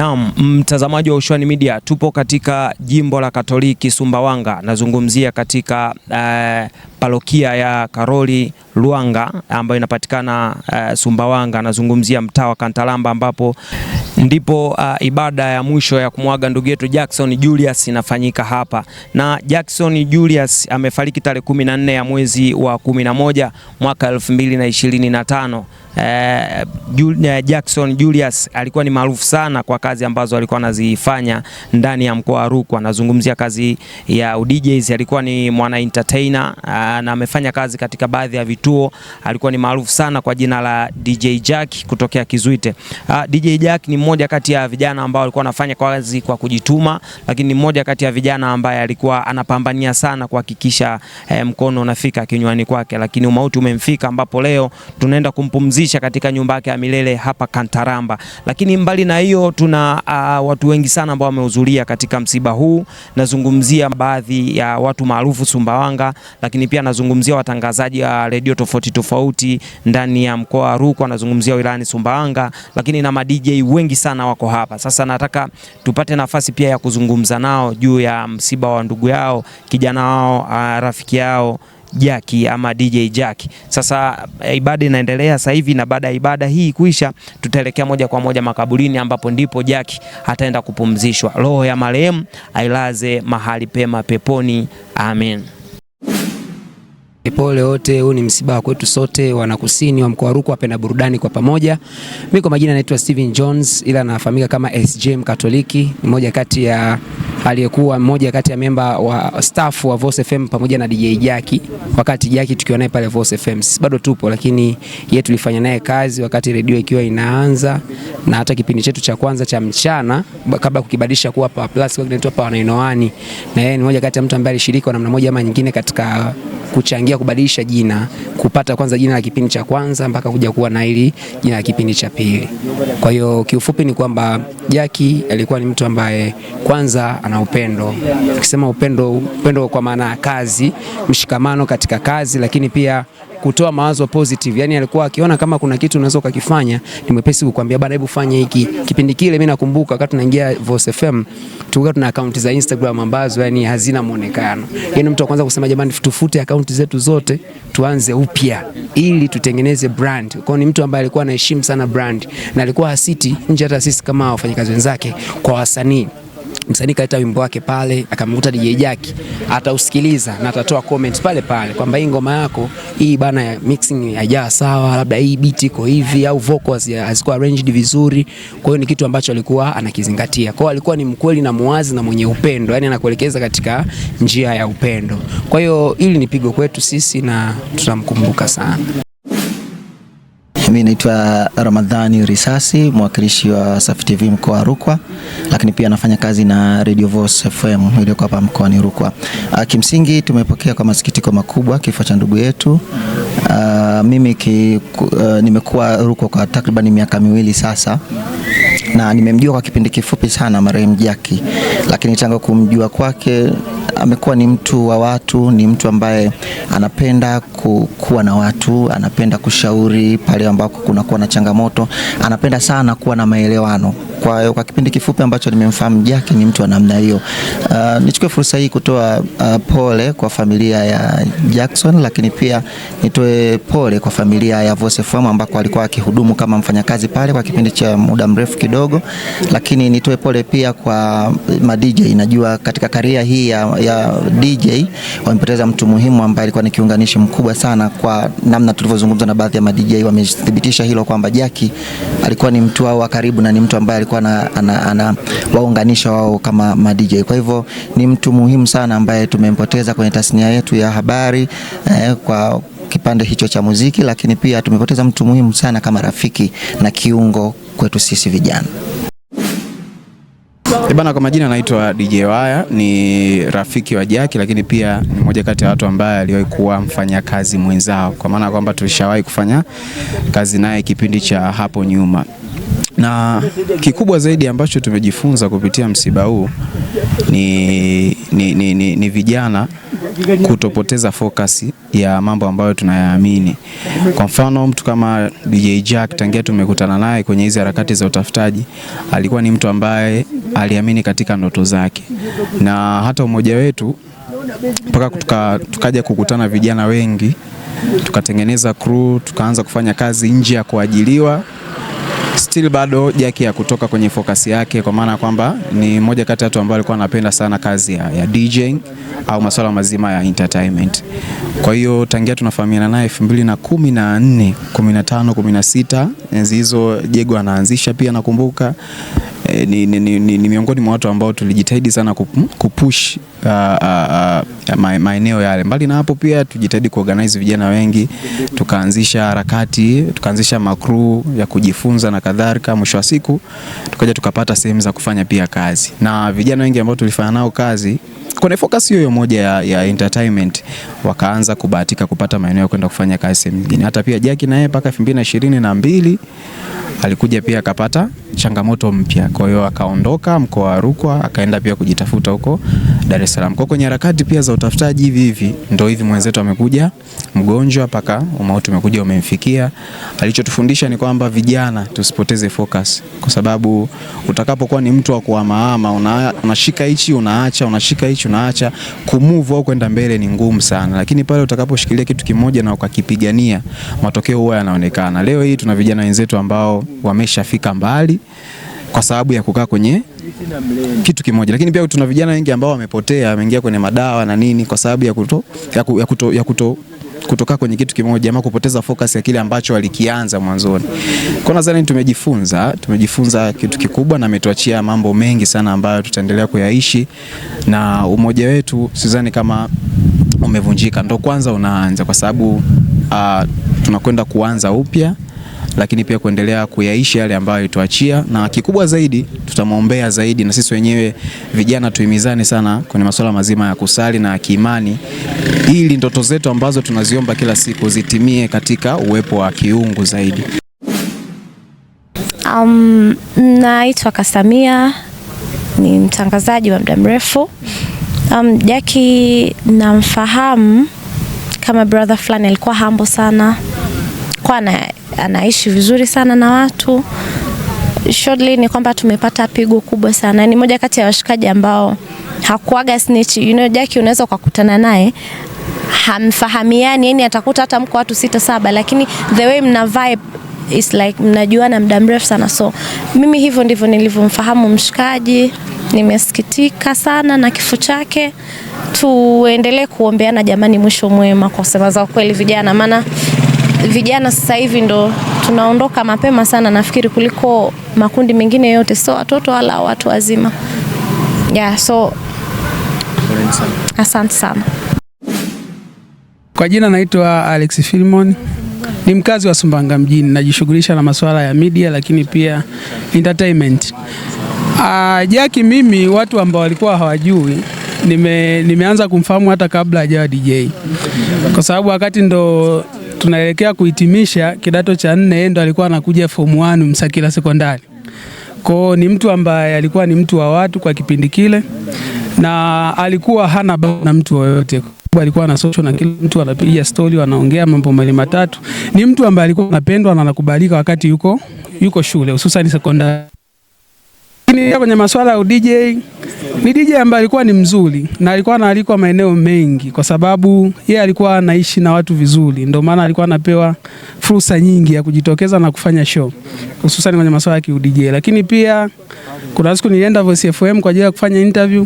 Naam, mtazamaji wa Ushuani Media, tupo katika jimbo la Katoliki Sumbawanga, nazungumzia katika eh, parokia ya Karoli Luanga ambayo inapatikana eh, Sumbawanga, nazungumzia mtaa wa Kantalamba ambapo ndipo uh, ibada ya mwisho ya kumwaga ndugu yetu Jackson Julius inafanyika hapa, na Jackson Julius amefariki tarehe 14 ya mwezi wa 11 mwaka 2025. Uh, Jackson Julius alikuwa ni maarufu sana kwa kazi ambazo alikuwa anazifanya ndani ya mkoa wa Rukwa. Anazungumzia kazi ya DJs, alikuwa ni mwana entertainer uh, na amefanya kazi katika baadhi ya vituo. Alikuwa ni maarufu sana kwa jina la DJ Jack kutokea Kizuite. Uh, ah, DJ Jack ni mmoja kati ya vijana ambao alikuwa anafanya kazi kwa kujituma, lakini ni mmoja kati ya vijana ambaye alikuwa anapambania sana kuhakikisha eh, mkono unafika kinywani kwake, lakini umauti umemfika ambapo leo tunaenda kumpumzika kujipumzisha katika nyumba yake ya milele hapa Kantaramba. Lakini mbali na hiyo, tuna uh, watu wengi sana ambao wamehudhuria katika msiba huu. Nazungumzia baadhi ya watu maarufu Sumbawanga, lakini pia nazungumzia watangazaji wa redio tofauti tofauti ndani ya mkoa wa Rukwa, nazungumzia wilayani Sumbawanga, lakini na madj wengi sana wako hapa. Sasa nataka tupate nafasi pia ya kuzungumza nao juu ya msiba wa ndugu yao, kijana wao, uh, rafiki yao Jaki ama DJ Jaki. Sasa eh, ibada inaendelea sasa hivi na baada ya ibada hii kuisha, tutaelekea moja kwa moja makaburini ambapo ndipo Jaki ataenda kupumzishwa. Roho ya marehemu ailaze mahali pema peponi. Amen. Pole wote, huu ni msiba wa kwetu sote wanakusini wa mkoa wa Rukwa, wapenda burudani kwa pamoja. Mimi kwa majina naitwa Steven Jones, ila anafahamika kama SJM Katoliki, ni moja kati ya aliyekuwa mmoja kati ya memba wa staff wa Voice FM pamoja na DJ Jaki, wakati Jaki tukiwa naye pale Voice FM. bado tupo, lakini yeye tulifanya naye kazi wakati redio ikiwa inaanza, na hata kipindi chetu cha kwanza cha mchana kabla kukibadilisha kuwa Power Plus kwa kinaitwa Power Nainoani, na yeye ni mmoja kati ya mtu ambaye alishiriki kwa namna moja ama nyingine katika kuchangia kubadilisha jina kupata kwanza jina la kipindi cha kwanza mpaka kuja kuwa na hili jina la kipindi cha pili. Kwa hiyo kiufupi ni kwamba Jaki alikuwa ni mtu ambaye kwanza na upendo. Tukisema upendo, upendo kwa maana ya kazi, mshikamano katika kazi, lakini pia kutoa mawazo positive. Yani alikuwa akiona kama kuna kitu unaweza ukakifanya, ni mwepesi kukwambia bana, hebu fanye hiki. Kipindi kile mimi nakumbuka wakati tunaingia Voice FM tulikuwa tuna account za Instagram ambazo yani hazina muonekano. Yani mtu akaanza kusema jamani, tufute account zetu zote tuanze upya ili tutengeneze brand. Kwa ni mtu ambaye alikuwa anaheshimu sana brand na alikuwa hasiti nje hata sisi kama wafanyakazi wenzake kwa wasanii msanii kaleta wimbo wake pale, akamkuta DJ Jaki, atausikiliza na atatoa comment pale pale kwamba hii ngoma yako hii bana ya mixing haijaa sawa, labda hii beat iko hivi au vocals hazikuwa arranged vizuri. Kwa hiyo ni kitu ambacho alikuwa anakizingatia. Kwa hiyo alikuwa ni mkweli na muwazi na mwenye upendo, yani anakuelekeza katika njia ya upendo. Kwa hiyo hili ni pigo kwetu sisi na tutamkumbuka sana. Mimi naitwa Ramadhani Risasi, mwakilishi wa Safi TV mkoa wa Rukwa, lakini pia nafanya kazi na Radio Voice FM iliyoko hapa mkoani Rukwa. Ah, kimsingi tumepokea kwa masikitiko makubwa kifo cha ndugu yetu. Uh, mimi ki, uh, nimekuwa Rukwa kwa takriban miaka miwili sasa na nimemjua kwa kipindi kifupi sana marehemu Jaki, lakini tangu kumjua kwake amekuwa ni mtu wa watu, ni mtu ambaye anapenda ku, kuwa na watu, anapenda kushauri pale ambako kunakuwa na changamoto, anapenda sana kuwa na maelewano. Kwa hiyo kwa kipindi kifupi ambacho nimemfahamu Jackie ni mtu wa namna hiyo. Uh, nichukue fursa hii kutoa uh, pole kwa familia ya Jackson, lakini pia nitoe pole kwa familia ya Vos FM ambako alikuwa akihudumu kama mfanyakazi pale kwa kipindi cha muda mrefu kidogo, lakini nitoe pole pia kwa uh, ma DJ. Najua katika karia hii ya, ya ya DJ wamepoteza mtu muhimu ambaye alikuwa ni kiunganishi mkubwa sana, kwa namna tulivyozungumza na baadhi ya ma DJ wamethibitisha hilo kwamba Jaki alikuwa ni mtu wao wa karibu na ni mtu ambaye alikuwa anawaunganisha wao kama ma DJ. Kwa hivyo ni mtu muhimu sana ambaye tumempoteza kwenye tasnia yetu ya habari eh, kwa kipande hicho cha muziki, lakini pia tumepoteza mtu muhimu sana kama rafiki na kiungo kwetu sisi vijana. Eh, bana, kwa majina anaitwa DJ Waya, ni rafiki wa Jaki, lakini pia ni mmoja kati ya watu ambaye aliwahi kuwa mfanyakazi mwenzao, kwa maana kwamba tulishawahi kufanya kazi naye kipindi cha hapo nyuma, na kikubwa zaidi ambacho tumejifunza kupitia msiba huu ni, ni, ni, ni, ni vijana kutopoteza focus ya mambo ambayo tunayaamini. Kwa mfano mtu kama DJ Jack, tangia tumekutana naye kwenye hizi harakati za utafutaji, alikuwa ni mtu ambaye aliamini katika ndoto zake, na hata umoja wetu mpaka tuka, tukaja kukutana vijana wengi tukatengeneza crew, tukaanza kufanya kazi nje ya kuajiliwa still bado Jaki ya kutoka kwenye focus yake, kwa maana ya kwamba ni moja kati ya watu ambao alikuwa anapenda sana kazi ya, ya DJing au masuala mazima ya entertainment. Kwa hiyo tangia tunafahamiana naye 2014, 15, 16 enzi hizo Jego anaanzisha pia nakumbuka ni, ni, ni, ni, ni miongoni mwa watu ambao tulijitahidi sana kupush uh, uh, uh, maeneo yale. Mbali na hapo pia tujitahidi kuorganize vijana wengi, tukaanzisha harakati, tukaanzisha makru ya kujifunza na kadhalika. Mwisho wa siku tukaja tukapata sehemu za kufanya pia kazi, na vijana wengi ambao tulifanya nao kazi kwenye focus hiyo moja ya, ya entertainment wakaanza kubahatika kupata maeneo ya kwenda kufanya kazi sehemu nyingine. Hata pia Jackie na yeye na 2022 alikuja pia akapata changamoto mpya, kwa hiyo akaondoka mkoa wa Rukwa akaenda pia kujitafuta huko Dar es Salaam. Kwa kwenye harakati pia za utafutaji hivi hivi ndio hivi mwenzetu amekuja mgonjwa paka umauti umekuja umemfikia. Alichotufundisha ni kwamba vijana tusipoteze focus, kwa sababu utakapokuwa ni mtu wa kuamaama, unashika una hichi unaacha, unashika hichi unaacha, kumove au kwenda mbele ni ngumu sana, lakini pale utakaposhikilia kitu kimoja na ukakipigania, matokeo huwa yanaonekana. Leo hii tuna vijana wenzetu ambao wameshafika mbali kwa sababu ya kukaa kwenye kitu kimoja, lakini pia tuna vijana wengi ambao wamepotea, wameingia kwenye madawa na nini kwa sababu ya kuto, ya kuto, ya kuto, ya kuto kutoka kwenye kitu kimoja ama kupoteza focus ya kile ambacho walikianza mwanzoni. Kwa nadhani tumejifunza, tumejifunza kitu kikubwa na ametuachia mambo mengi sana ambayo tutaendelea kuyaishi, na umoja wetu sidhani kama umevunjika, ndo kwanza unaanza, kwa sababu uh, tunakwenda kuanza upya lakini pia kuendelea kuyaisha yale ambayo alituachia, na kikubwa zaidi tutamwombea zaidi, na sisi wenyewe vijana tuhimizane sana kwenye masuala mazima ya kusali na kiimani, ili ndoto zetu ambazo tunaziomba kila siku zitimie katika uwepo wa kiungu zaidi. Um, naitwa Kasamia ni mtangazaji wa muda mrefu. Um, Jaki namfahamu kama brother fulani, alikuwa hambo sana, kwa na anaishi vizuri sana na watu. Shortly ni kwamba tumepata pigo kubwa sana. Ni moja kati ya washikaji ambao hakuaga snitch. You know, Jaki unaweza ukakutana naye hamfahamiani, yani atakuta hata mko watu sita saba, lakini the way mna vibe is like mnajuana muda mrefu sana. So mimi hivyo ndivyo nilivyomfahamu mshikaji. Nimesikitika sana na kifo chake. Tuendelee kuombeana jamani, mwisho mwema, kwa sema za kweli vijana, maana vijana sasa hivi ndo tunaondoka mapema sana, nafikiri kuliko makundi mengine yote, so watoto wala watu wazima yeah, so asante sana. Kwa jina naitwa Alex Filmon, ni mkazi wa sumbanga mjini, najishughulisha na masuala ya media lakini pia entertainment. Uh, ah, Jaki mimi watu ambao walikuwa hawajui nime, nimeanza kumfahamu hata kabla hajawa DJ kwa sababu wakati ndo tunaelekea kuhitimisha kidato cha nne, yeye ndo alikuwa anakuja form 1 Msakila sekondari. Kwao ni mtu ambaye alikuwa ni mtu wa watu kwa kipindi kile, na alikuwa hana na mtu yoyote alikuwa na social na kila mtu anapiga stori, wanaongea mambo mali matatu. Ni mtu ambaye alikuwa anapendwa na anakubalika wakati yuko, yuko shule hususani sekondari. Lakini kwenye masuala ya DJ ni DJ ambaye alikuwa ni mzuri na alikuwa analikwa maeneo mengi, kwa sababu yeye alikuwa anaishi na watu vizuri, ndio maana alikuwa anapewa fursa nyingi ya kujitokeza na kufanya show, hususan kwenye masuala ya DJ. Lakini pia kuna siku nilienda Voice FM kwa ajili ya kufanya interview,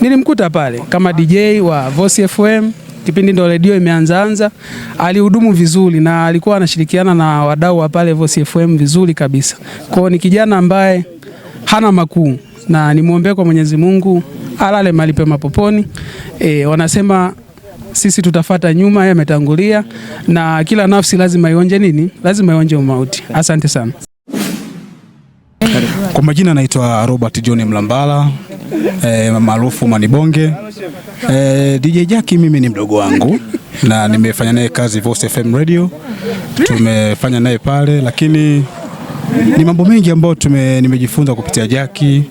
nilimkuta pale kama DJ wa Voice FM kipindi ndo redio imeanzaanza, alihudumu vizuri na alikuwa anashirikiana na wadau wa pale Voice FM vizuri kabisa. Kwao ni kijana ambaye hana makuu, na nimwombee kwa Mwenyezi Mungu alale mahali pema poponi. E, wanasema sisi tutafata nyuma, yeye ametangulia, na kila nafsi lazima ionje nini? Lazima ionje umauti. Asante sana. Kwa majina naitwa Robert John Mlambala e, maarufu Manibonge. E, DJ Jaki mimi ni mdogo wangu na nimefanya naye kazi Voice FM Radio, tumefanya naye pale lakini ni mambo mengi ambayo tume nimejifunza kupitia Jaki.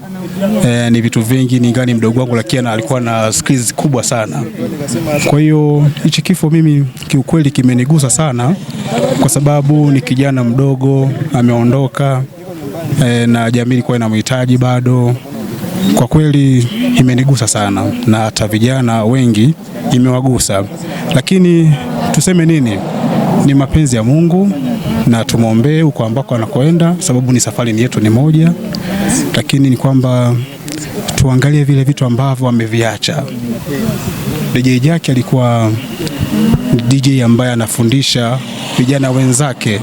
E, eh, ni vitu vingi ningani mdogo wangu lakini alikuwa na skills kubwa sana. Kwa hiyo hichi kifo mimi kiukweli kimenigusa sana kwa sababu ni kijana mdogo ameondoka, e, na jamii ilikuwa inamhitaji bado. Kwa kweli imenigusa sana na hata vijana wengi imewagusa, lakini tuseme nini, ni mapenzi ya Mungu na tumwombee huko ambako anakoenda, sababu ni safari yetu ni moja, lakini ni kwamba tuangalie vile vitu ambavyo ameviacha. DJ Jack alikuwa DJ ambaye anafundisha vijana wenzake,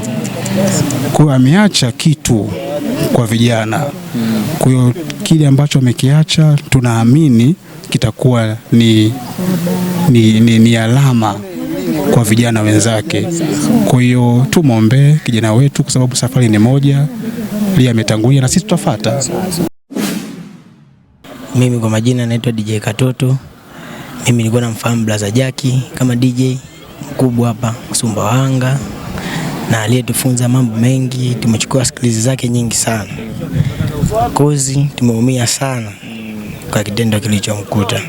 kwa hiyo ameacha kitu kwa vijana. Kwa hiyo kile ambacho amekiacha tunaamini kitakuwa ni, ni, ni, ni alama kwa vijana wenzake. Kwa hiyo tumwombee kijana wetu, kwa sababu safari ni moja, yeye ametangulia na sisi tutafuata. Mimi kwa majina naitwa DJ Katoto. Mimi nilikuwa namfahamu Blaza Jaki kama DJ mkubwa hapa Sumbawanga na aliyetufunza mambo mengi, tumechukua skills zake nyingi sana. Kozi tumeumia sana kwa kitendo kilichomkuta.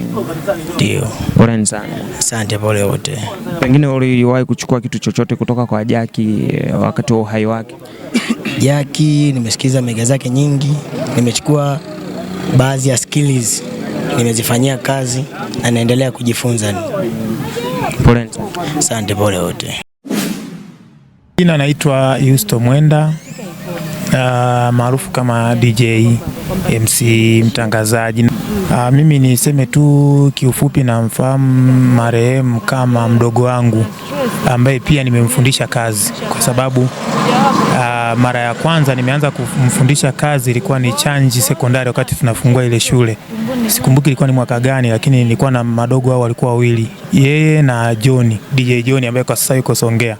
Ndio, pole sana. Asante, pole wote. Pengine uliwahi kuchukua kitu chochote kutoka kwa Jaki eh, wakati wa uhai wake? Jaki, nimesikiza mega zake nyingi, nimechukua baadhi ya skills nimezifanyia kazi na naendelea kujifunza. Pole. Asante, pole wote. Jina naitwa Yusto Mwenda uh, maarufu kama DJ MC mtangazaji. Aa, ah, mimi niseme tu kiufupi, namfahamu marehemu kama mdogo wangu ambaye pia nimemfundisha kazi, kwa sababu aa, ah, mara ya kwanza nimeanza kumfundisha kazi ilikuwa ni Chanji Sekondari, wakati tunafungua ile shule. Sikumbuki ilikuwa ni mwaka gani, lakini nilikuwa na madogo hao, walikuwa wawili, yeye na John DJ John ambaye kwa sasa yuko Songea.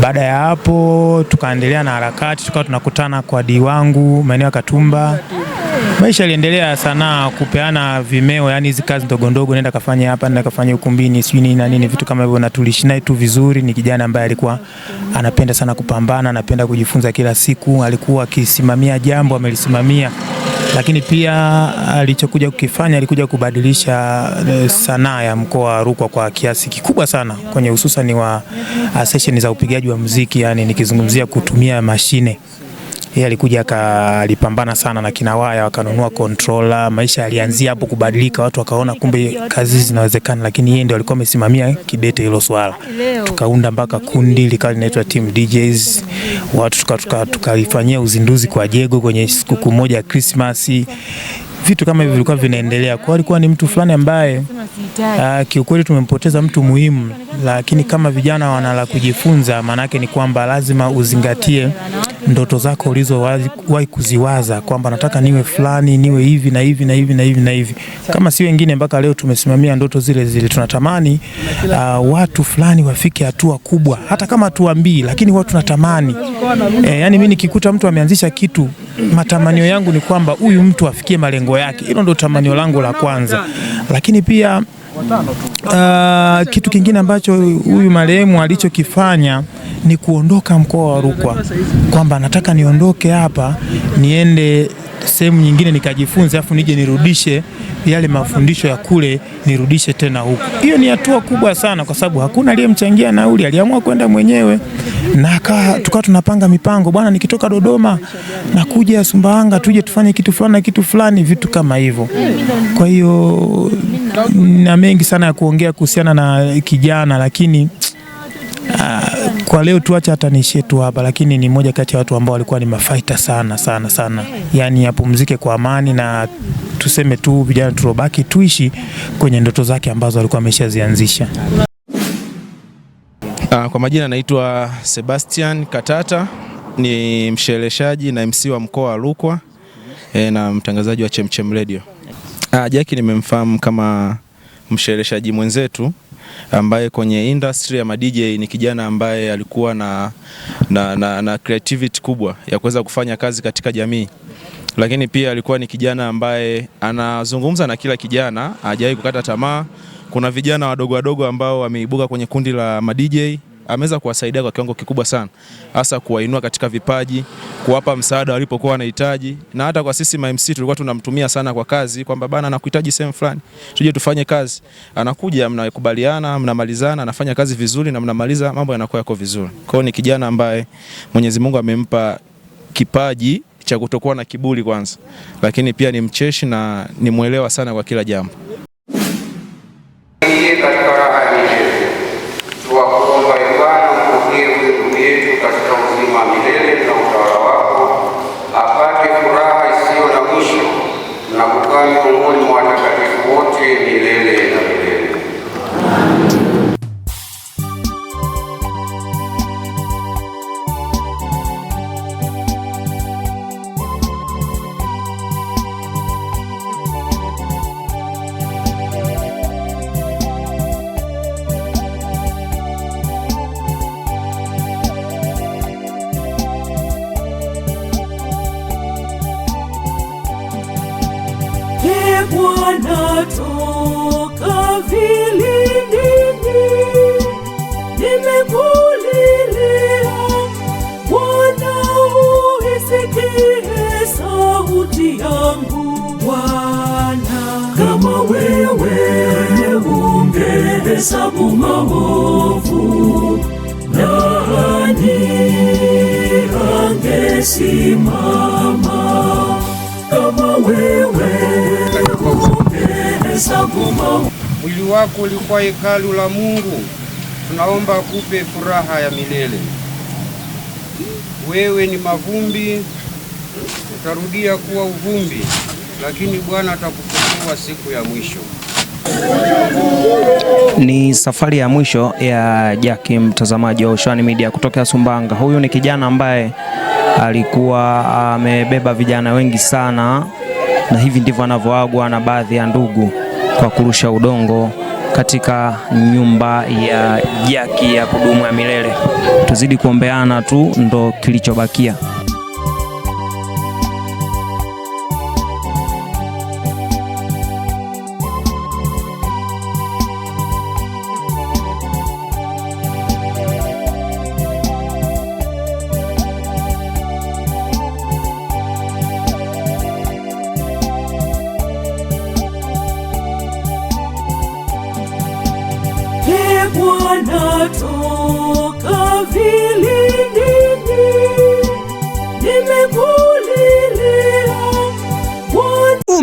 Baada ya hapo tukaendelea na harakati, tukawa tunakutana kwa diwangu maeneo ya Katumba maisha aliendelea sanaa kupeana vimeo, yani hizi kazi ndogo ndogo, nenda kafanya hapa, nenda kafanya ukumbini, sijui nini na nini, vitu kama hivyo, na tulishi naye tu vizuri. Ni kijana ambaye alikuwa anapenda sana kupambana, anapenda kujifunza kila siku, alikuwa akisimamia jambo amelisimamia lakini pia alichokuja kukifanya alikuja kubadilisha eh, sanaa ya mkoa wa Rukwa kwa kiasi kikubwa sana, kwenye hususani wa session za upigaji wa muziki, yani nikizungumzia kutumia mashine yeye alikuja akalipambana sana na kina waya, wakanunua kontrola. Maisha yalianzia hapo kubadilika, watu wakaona kumbe kazi zinawezekana, lakini yeye ndio alikuwa amesimamia kidete hilo swala. Tukaunda mpaka kundi likawa linaitwa Team DJs, watu tukalifanyia tuka, tuka uzinduzi kwa Jego kwenye sikukuu moja ya Christmas vitu kama hivi vilikuwa vinaendelea. Kwa alikuwa ni mtu fulani ambaye uh, kiukweli tumempoteza mtu muhimu, lakini kama vijana wana la kujifunza, maanake ni kwamba lazima uzingatie ndoto zako ulizowahi kuziwaza kwamba nataka niwe fulani, niwe hivi na hivi na hivi na hivi na hivi. Kama si wengine, mpaka leo tumesimamia ndoto zile zile. Tunatamani uh, watu fulani wafike hatua kubwa, hata kama tuambii lakini watu tunatamani e, yani mimi nikikuta mtu ameanzisha kitu, matamanio yangu ni kwamba huyu mtu afikie malengo yake. Hilo ndo tamanio langu la kwanza, lakini pia uh, kitu kingine ambacho huyu marehemu alichokifanya ni kuondoka mkoa wa Rukwa, kwamba nataka niondoke hapa niende sehemu nyingine nikajifunze, afu nije nirudishe yale mafundisho ya kule nirudishe tena huku. Hiyo ni hatua kubwa sana, kwa sababu hakuna aliyemchangia nauli, aliamua kwenda mwenyewe, na tukawa tunapanga mipango, bwana, nikitoka Dodoma nakuja Sumbawanga, tuje tufanye kitu fulani na kitu fulani, vitu kama hivyo. Kwa hiyo na mengi sana ya kuongea kuhusiana na kijana, lakini ah, kwa leo tuache hata niishie tu hapa, lakini ni moja kati ya watu ambao walikuwa ni mafaita sana sana sana, yani apumzike kwa amani na tuseme tu vijana tulobaki tuishi kwenye ndoto zake ambazo alikuwa ameshazianzisha. Ah, kwa majina naitwa Sebastian Katata, ni mshereheshaji na MC wa mkoa wa Rukwa e, na mtangazaji wa Chemchem Radio. Ah, Jackie nimemfahamu kama mshereheshaji mwenzetu ambaye kwenye industry ya madj ni kijana ambaye alikuwa na, na, na, na creativity kubwa ya kuweza kufanya kazi katika jamii, lakini pia alikuwa ni kijana ambaye anazungumza na kila kijana, hajawahi kukata tamaa. Kuna vijana wadogo wadogo ambao wameibuka kwenye kundi la madj ameweza kuwasaidia kwa kiwango kikubwa sana, hasa kuwainua katika vipaji, kuwapa msaada walipokuwa wanahitaji, na hata kwa sisi ma MC tulikuwa tunamtumia sana kwa kazi, kwamba bana, anakuhitaji sehemu fulani, tuje tufanye kazi. Anakuja, mnakubaliana, mnamalizana, anafanya kazi vizuri na mnamaliza, mambo yanakuwa yako vizuri. Kwa hiyo ni kijana ambaye Mwenyezi Mungu amempa kipaji cha kutokuwa na kiburi kwanza, lakini pia ni mcheshi na ni mwelewa sana kwa kila jambo. wanatoka vilindini, nimekulilia Bwana, uisikie sauti yangu. Bwana, kama wewe ungehesabu maovu, nani angesimama? Mwili wako ulikuwa hekalu la Mungu, tunaomba kupe furaha ya milele. Wewe ni mavumbi, utarudia kuwa uvumbi, lakini Bwana atakufufua siku ya mwisho. Ni safari ya mwisho ya Jaki, mtazamaji wa Ushuani Media kutoka Sumbanga. Huyu ni kijana ambaye alikuwa amebeba vijana wengi sana, na hivi ndivyo anavyoagwa na baadhi ya ndugu kwa kurusha udongo katika nyumba ya jaki ya kudumu ya milele. Tuzidi kuombeana tu, ndo kilichobakia.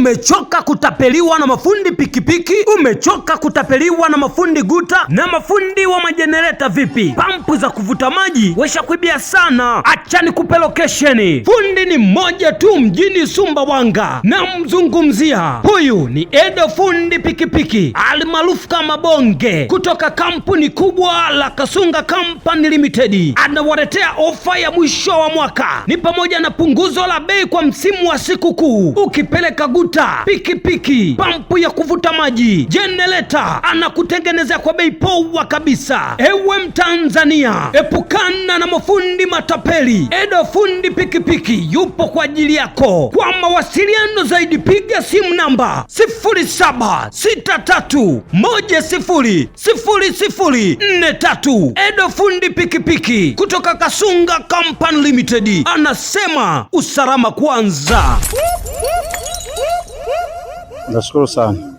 Umechoka kutapeliwa na mafundi pikipiki? Umechoka kutapeliwa na mafundi guta na mafundi wa majenereta? Vipi pampu za kuvuta maji weshakwibia sana? Achani kupe lokesheni. Fundi ni mmoja tu mjini Sumbawanga, namzungumzia huyu ni Edo fundi pikipiki almaarufu kama Bonge kutoka kampuni kubwa la Kasunga Company Limited. Anawaletea ofa ya mwisho wa mwaka, ni pamoja na punguzo la bei kwa msimu wa sikukuu. Ukipeleka guta mafuta, pikipiki, pampu ya kuvuta maji, jenereta, anakutengenezea kwa bei poa kabisa. Ewe Mtanzania, epukana na mafundi matapeli. Edo fundi pikipiki yupo kwa ajili yako. Kwa mawasiliano zaidi, piga simu namba 0763100043. Edo fundi pikipiki kutoka Kasunga Company Limited anasema usalama kwanza. Nashukuru sana.